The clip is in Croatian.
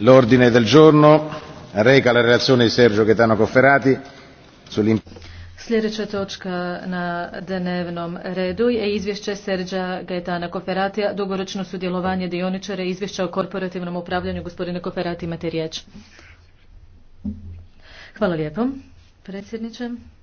l'ordine del giorno reca la relazione di Sergio Gaetano Cofferati Sljedeća točka na dnevnom redu je izvješće Serđa Gajetana Koferatija, dugoročno sudjelovanje dioničara i izvješća o korporativnom upravljanju. Gospodine Koferati, imate riječ. Hvala lijepo, predsjedniče.